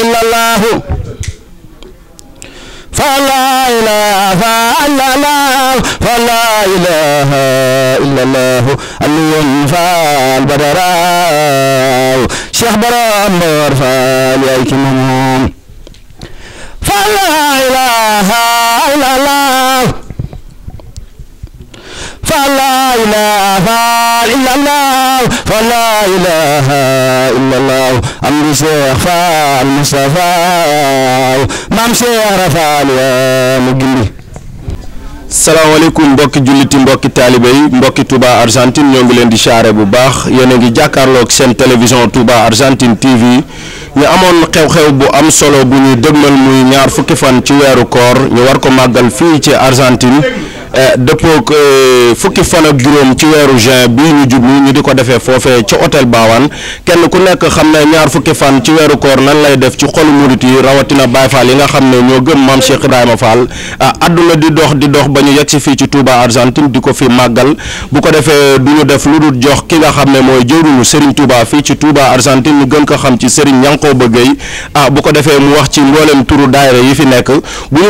إلا الله فلا إله إلا الله فلا إله إلا الله اليوم فال بدراو شيخ برام نور فال يايكم فلا إله إلا الله فلا إله إلا الله فلا إله إلا الله أمر شيخ فال mbokki julliti mbokki taalibe mbokki Touba Argentine ñoo ngi leen di siyaare bu baax yéen a ngi jàkkaarloog seen télévision Touba Argentine TV ñu amoon xew-xew bu am solo bu ñuy dëgmal muy ñaar fukki fan ci weeru koor ñu war ko màggal fii ci Argentine Eh, dëppook eh, fukki fan ak juróom ci weeru juin bii ñu jublu ñu di ko defee foofee ci hôtel Bawane kenn ku nekk xam ne ñaar fukki fan ci weeru koor nan lay def ci xolu murit yi rawatina Baye Fall yi nga xam ne ñoo gëm maam Cheikh Ibrahima Fall ah, àdduna di dox di dox ba ñu yegg si fii ci Touba Argentine di ko fi màggal bu ko defee du ñu def lu dul jox ki nga xam ne mooy jëruñu sëriñ Touba fii ci Touba Argentine ñu gën ko xam ci Serigne Ñankooba Gueye ah bu ko defee mu wax ci mboolem turu daayira yi fi nekk bu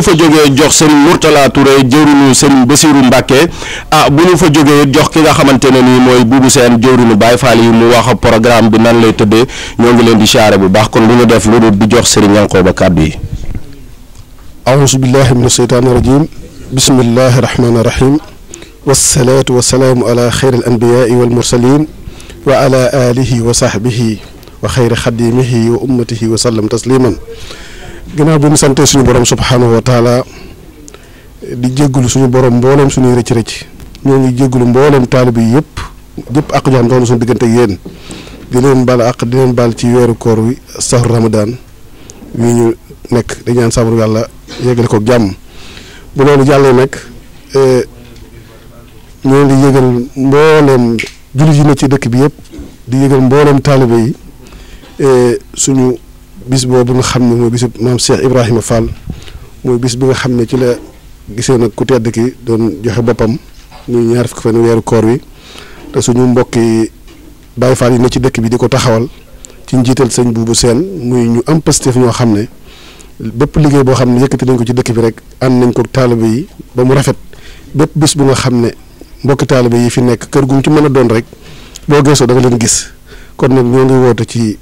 jox Serigne Mourtala Touré Bassirou Mbacke ah, bu ñu fa jógee jox ki nga xamante ne nii mooy buubu seen jëwriñu Baye Fall yi mu wax programme bi nan lay tëddee ñoo ngi leen di siyaare bu baax kon lu ñu def lu dul di jox Serigne Yankoba kàddu yi. aouzu billahi min asheytaani rajim bismillahi rahmaani rahim wasalaatu wasalaamu ala xeyr al anbiyaai wal mursalin wa ala alihi wa sahbihi wa xeyri bi ñu sante suñu borom subhanahu wa taala di jéggulu suñu borom mbooleem suñuy rëcc rëcc ñoo ngi jéggulu mbooleem taalibe yi yëpp yëpp àq joo xam suñu diggante ak yéen di leen baal àq di leen baal ci weeru koor wi sahru ramadan wi ñu nekk dañu ñaan sabaru yàlla yeggale ko jàmm bu loolu jàllee nag e, ñoo ngi yëgal mbooleem jullit yi ne ci dëkk bi yëpp di yëgal mbooleem taalibe yi e, suñu bis boobu nga xam ne mooy bis bi nga xam ne ci la gisee nag ku tedd ki doon joxe boppam muy ñaar fukki fan weeru koor wi te suñu mbokki Baay Faal yi ne ci dëkk bi di ko taxawal ci njiital sëñ bu seen muy ñu am pastef ñoo xam ne bépp liggéey boo xam ne yëkkati nañ ko ci dëkk bi rek ànd nañ ko taalibe yi ba mu rafet bépp bis bu nga xam ne mbokki taalibe yi fi nekk kër gu ci mën a doon rek boo geesoo da leen gis kon nag ñoo ngi woote ci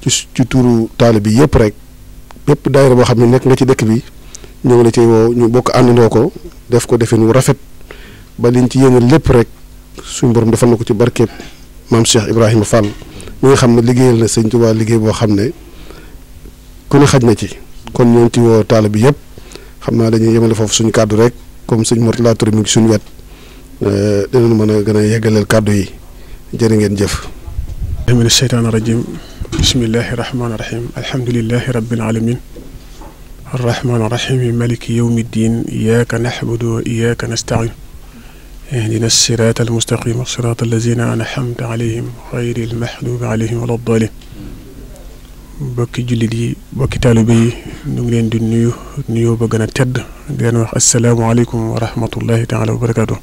ci ci turu taalibe yëpp rek bépp daayira boo xam ne nekk nga ci dëkk bi ñoo ngi la ci woo ñu bokk àndandoo ko def ko defin wu rafet ba liñ ci yéene lépp rek suñu borom defal na ko ci barkeeb maam Cheikh Ibrahima Fall mi nga xam ne liggéeyal na sëñ Tuubaa liggéey boo xam ne ku ne xaj na ci kon ñoo ngi ci woo taalibe bi yëpp xam naa dañuy yemale foofu suñu kàddu rek comme sëñ Mourtala Touré mu ngi suñu wet euh, dinañ mën a gën a yeggaleel kàddu yi jërë ngeen jëf. min asheytaan rajim bismillahi rahmaani rahim alhamdulilahi rabbil alamin arrahmaan arrahiim maliki yawmi ddiin iyyaka na'budu wa iyyaka nasta'iin ihdina siraata almustaqim siraata allazina an'amta alayhim xayri almaxdubi alayhim wala ddaalin bokki jullit yi bokki taalibe yi ñu ngi leen di nuyu nuyoo ba na a tedd di leen wax asalaamualeykum wa rahmatullahi taala wa barakaatu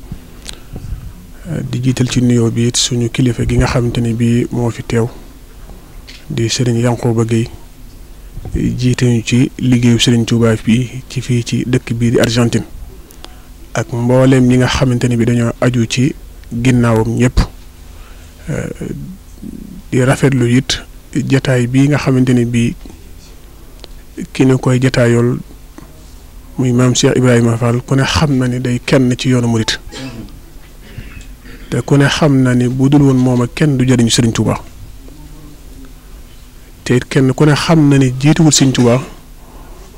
di jiital ci nuyoo bi it suñu kilifa gi nga xamante ne bii moo fi teew di sëriñ Yanqooba Géey jiite ñu ci liggéeyu Serigne Touba fii ci fii ci dëkk bii di Argentine ak mbooleem ñi nga xamante ni bi dañoo aju ci ginnaawam ñépp eh, di rafetlu it jataay bii nga xamante ni bii ki ñu koy jataayool muy maam Cheikh Ibrahima Fall ku ne xam na ni day kenn ci yoonu murit mm-hmm. te ku ne xam na ni bu dul woon moom ak kenn du jariñu sëriñ Touba. te kenn ku ne xam na ni jiituwul Sëñ Tuubaa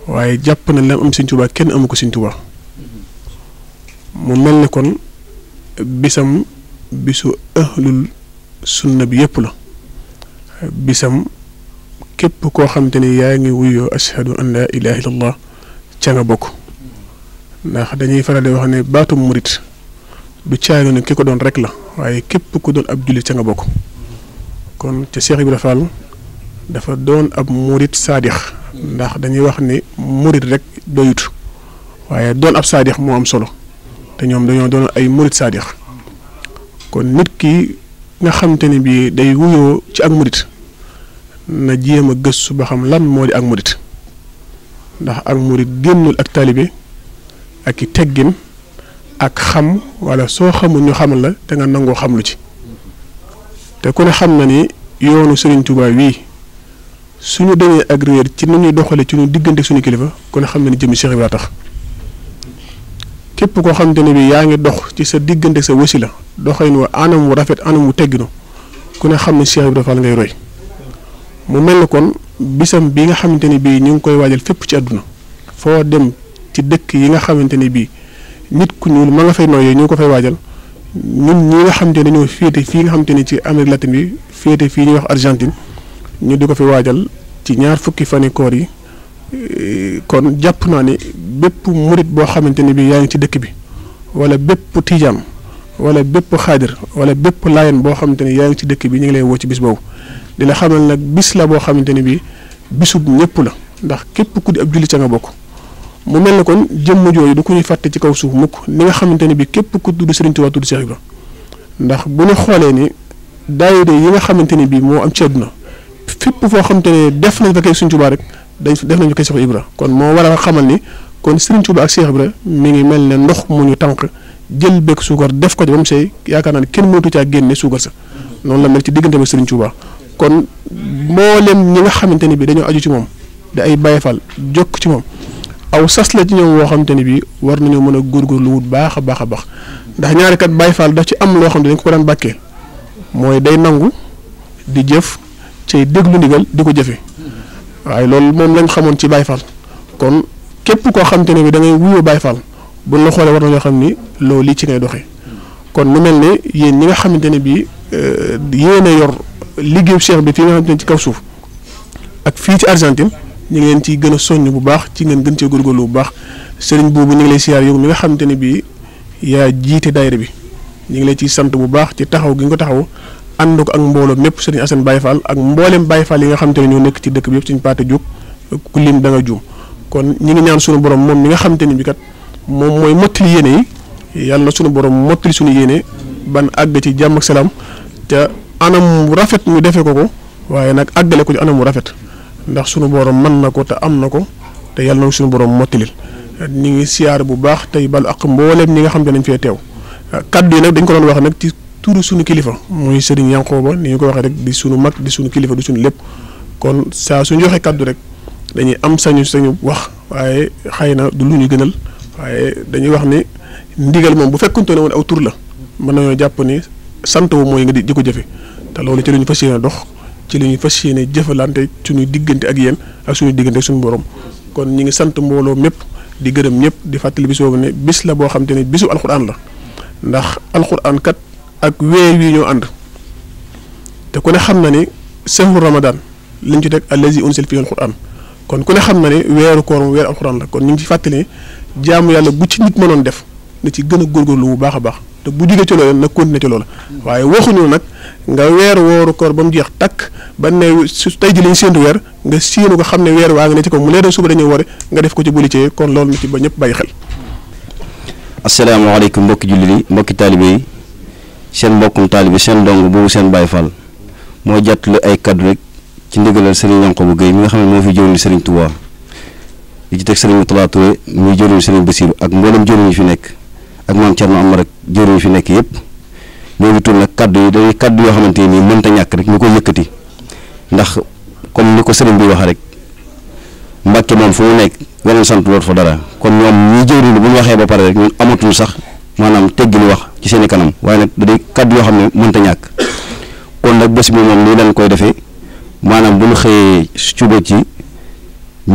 waaye jàpp na lam am Sëñ Tuubaa kenn amu ko Sëñ Tuubaa mu mel ne kon bisam bisu ahlul sunna bi yëpp la bisam képp koo xam te ni yaa ngi wuyoo ashadu an laa ilaaha ca nga bokk ndax dañuy faral di wax ne baatum murit du caagi ne ki ko doon rek la waaye képp ku doon ab jullit ca nga bokk kon ca Cheikh Ibrahima Fall dafa doon ab murit saadix ndax dañuy wax ni morit rek doyut waaye doon ab saadix moo am solo te ñoom dañoo doon ay murit saadix kon nit ki nga xamante ni bii day wuyoo ci ak murit na jéem a gëstu ba xam lan moo di ak murit ndax ak morit génnul ak taalibe ak i teggin ak xam walla soo xamul ñu xamal la te nga nangoo xam lu ci te ku ne xam na ni yoonu Serigne Touba wii suñu demee ak réer ci ni ñuy doxalee ci ñu diggante suñu kilifa kon xam ne ni jëmmi Cheikh Ibra tax képp koo xamante ne bi yaa ngi dox ci sa diggante sa wasila doxalin wa anam wu rafet anam wu tegginu ku ne xam ne bi Ibra Fall ngay roy mu mel na kon bisam bi nga xamante ne bii ñu ngi koy waajal fépp ci àdduna foo dem ci dëkk yi nga xamante ne bii nit ku ñuul ma nga fay nooyee ñu ngi ko fay waajal ñun ñu nga xamante ne ñoo féete fii nga xamante ne ci Amérique latine bi féete fii ñuy wax Argentine ñu di ko fi waajal ci ñaar fukki fani yi eh, kon jàpp naa ne bépp murit boo xamante ne bi yaa ngi ci dëkk bi wala bépp tijaam wala bépp xaadir wala bépp laayan boo xamante ne yaa ngi ci dëkk bi ñu ngi lay woo ci bis boobu di la xamal bis la boo xamante ne bi bisub ñëpp la ndax képp ku di ab julli ca nga bokk mu mel ne kon jëmm jooju du ko ñuy fàtte ci kaw suuf mukk li nga xamante ne bi képp ku tudd Sëriñ Tuubaa tudd Cheikh Ibra ndax bu ne xoolee ni daayira yi nga xamante ne bi moo am ci àdduna fépp foo xam te ne def nañ fa kay Serigne Touba rek dañ def nañ fa kay Cheikh Ibra kon moo war a xamal ni kon Serigne Touba ak Cheikh Ibra mi ngi mel ne ndox mu ñu tànk jël bekk suukar def ko ci ba seey yaakaar naa ne kenn ci caa génne suukar sa noonu la mel ci diggante ba Serigne Touba kon mboolem ñi nga xamante ni bi dañoo aju ci moom da ay bayfal jokk ci moom aw sas la ci ñoom woo xamante ni bi war nañoo mën a lu wut baax a baax a baax ndax ñaari kat bayfal daf ci am loo xam ne dañ ko daan bàkkee mooy day nangu di jëf. cay déglu ndigal di ko jëfe waaye loolu moom lañ xamoon ci bay Fall kon képp koo xamante ne bi da ngay wuyoo Baye Fall la xoolee war nañoo xam ni loolu lii ci ngay doxee kon mu mel ne yéen ñi nga xamante ne bii euh, yéen a yor liggéeyu Cheikh bi fii nga xamante ne ci kaw suuf ak fii ci Argentine ñu ngi leen ciy gën a soññ bu baax ci ngeen gën cee góorgóorlu bu baax sëriñ boobu ñu ngi lay siyaar yow mi nga xamante ne bii yaa jiite daayira bi ñu ngi lay ciy sant bu baax ci taxaw gi nga ko taxaw ànd ko ak mbooloo mépp sëriñ Assane Baye Fall ak mboolem Baye Fall yi nga xam te ne ñoo nekk ci dëkk bi yëpp suñu paate jóg ku lim da juum kon ñi ngi ñaan sunu borom moom mi nga xam te bi kat moom mooy mottali yéene yi na sunu borom mottali sunu yéene ban àgg ci jàmm ak salaam te anam mu rafet ñu defee ko ko waaye nag àggale ko ci anam rafet ndax sunu borom mën na ko te am na ko te yàlla na sunu borom mottalil ñi ngi siyaar bu baax tey bal ak mboolem ñi nga xam te nañ fee teew kaddu yi nag dañ ko doon wax nag ci turu sunu kilifa muy Serigne Yankoba ni ñu ko waxee rek di sunu mag di sunu kilifa di sunu lépp kon saa suñu joxe kàddu rek dañuy am sañu sañu wax waaye xëy na du lu ñu gënal waaye dañuy wax ni ndigal moom bu fekkunte ne woon aw tur la mën nañoo jàpp ni sant wu mooy nga di ko jëfe te loolu ci la ñu fas yéene dox ci la ñu fas yéene jëfalante suñu diggante ak yéen ak suñu diggante ak suñu borom kon ñu ngi sant mbooloo mépp di gërëm ñëpp di fàttali bis boobu ne la boo xam te ne bisu alxuraan ak weer wi ñoo ànd te ku ne xam na ni sehru ramadan lañ ci teg allazi unsil fihi alquran kon ku ne xam na ne weeru koor mu weeru alquran la kon ñu ngi ci fàttali jaamu yàlla bu ci nit mënoon def na ci gën a góorgóorlu bu baax a baax te bu jógee ci loolu nag continuer ci loolu waaye waxuñu nag nga weer wooru koor ba mu jeex takk ba ne su tey ji lañ séentu weer nga séenu ko xam ne weer waa ngi ne ci ko mu leer suba dañuy wore nga def ko ci bulicee kon loolu na ci ba ñëpp bàyyi xel asalaamaaleykum mbokki jullit mbokki taalibe yi seen mbokkum taalibi seen dong boobu seen Baay Fall moo jàttali ay kàddu rek ci la ndigalal Serigne Yankoba Gueye mi nga xam ne moo fi jëwriñ Serigne Touba di ci teg Serigne Moutala Touré muy jëwriñ Serigne Bassirou ak mboolem jëwriñ yi fi nekk ak maam Thierno Amar ak jëwriñ yi fi nekk yëpp ñoo ngi tudd nag kaddu yi dañuy yoo xamante ni mënta ñàkk rek ñu ko yëkkati ndax comme ni ko Serigne bi waxee rek Mbàkke moom fu nekk weneen sant loolu fa dara kon ñoom ñii jëwriñ bu ñu waxee ba pare rek ñun amatul sax. maanaam teggin wax ci seen i kanam waaye nag da day kàddu yoo xam ne mënta ñàkk kon nag bés bi moom nii lañ koy defee maanaam bu ñu xëyee suba ci ñu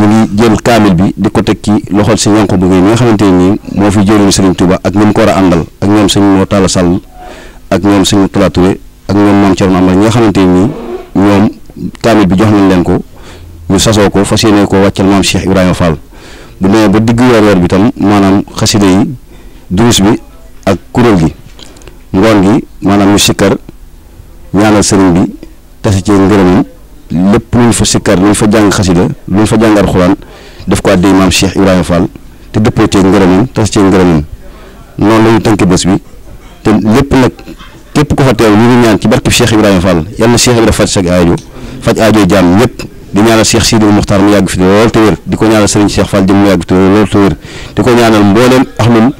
ngi jël kaamil bi di ko teg ci loxol si ñànk ko ngeen ñi nga xamante nii moo fi jëriñu Serigne Touba ak ñi ko a àndal ak ñoom sëñ Mor Talla Sall ak ñoom sëñ Talla ak ñoom Mame Thierno Amal nga xamante nii ñoom kaamil bi jox nañ leen ko ñu sasoo ko fas yéene ko wàccal maam Cheikh Ibrahima Fall bu demee ba digg weer weer bi tam maanaam xasida yi durus bi ak kuréel gi ngoon gi maanaam ñu sikkar ñaanal sëriñ bi tase ci ngërëmam lépp lu ñu fa sikkar lu ñu fa jàng xasida lu ñu fa jàng alxuraan def ko àddee maam Cheikh Ibrahima Fall te dëppoo cee ngërëmam tase cee ngërëmam noonu la ñu tënk bés bi te lépp nag képp ko fa teew ñaan ci barkeb Cheikh Ibrahima Fall yal na Cheikh Ibrahima faj sa aajo ñëpp di ñaanal Cheikh Sidou Mokhtar mu yàgg fi lool te di ko ñaanal Serigne Cheikh Fall jëm mu yàgg fi lool te wér di ko ñaanal mboolem ahlul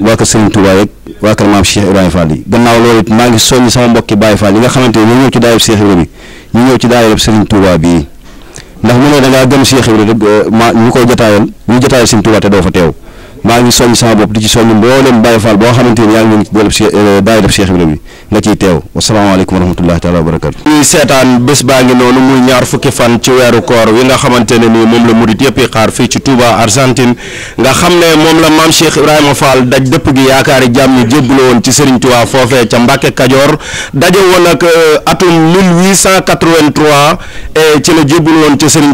waa kër Serigne Touba yeeg waa kër maam Cheikh Ibrahima Fall yi gannaaw loolu it maa ngi soññi sama mbokki Baye Fall yi nga xamante ne ñu ñëw ci daayira Cheikh Ibrahima bi ñu ñëw ci daayira Serigne Touba bii ndax mu ne da ngaa gëm Cheikh Ibrahima ma ñu koy jotaayal ñu jotaayal Serigne Touba te doo fa teew maa ngi soññ sama bopp di ci soññ mboolem Baye Fall boo xamante ni yaa ngi ci booleb Cheikh Baye def Cheikh Ibrahima bi nga ciy teew wasalaamaaleykum wa rahmatullahi taala wa barakatu ñuy seetaan bés baa ngi noonu muy ñaar fukki fan ci weeru koor wi nga xamante ne nii moom la murit yëpp yi xaar fii ci Touba Argentine nga xam ne moom la maam Cheikh Ibrahima Fall daj dëpp gi yaakaari jàmm ñu jébbalo euh, la ci Serigne Touba ca Mbacke Kajoor daje woon ak atum 1883 et ci la jébbalo woon ci Serigne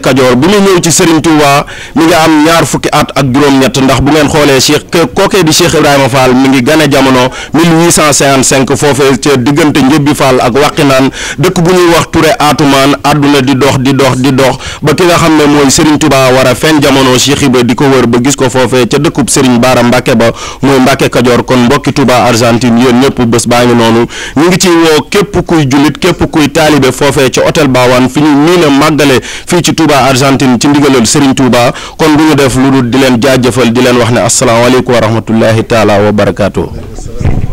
Kajoor bi mu nga am ñaar fukki at ak juróom tàggat ndax bu ngeen xoolee Cheikh kookee di Cheikh Ibrahima Fall mi ngi gane jamono 1855 foofee ca diggante Njobbi Fall ak Waqinaan dëkk bu ñuy wax Touré Atumaan àdduna di dox di dox di dox ba ki nga xam ne mooy Serigne Touba wara a jamono Cheikh Ibra di ko wër ba gis ko foofee ca dëkku sëriñ Baara Mbacke ba mooy Mbacke Kajoor kon mbokki Touba Argentine yéen ñëpp bés baa ngi noonu ñu ngi ci woo képp kuy jullit képp kuy taalibe foofee ca hôtel Bawane fi ñu nii na màggale ci Touba Argentine ci ndigalal Serigne Touba jaajëfal di leen wax ne asalaamaaleykum wa rahmatullahi taala wa barakaatu.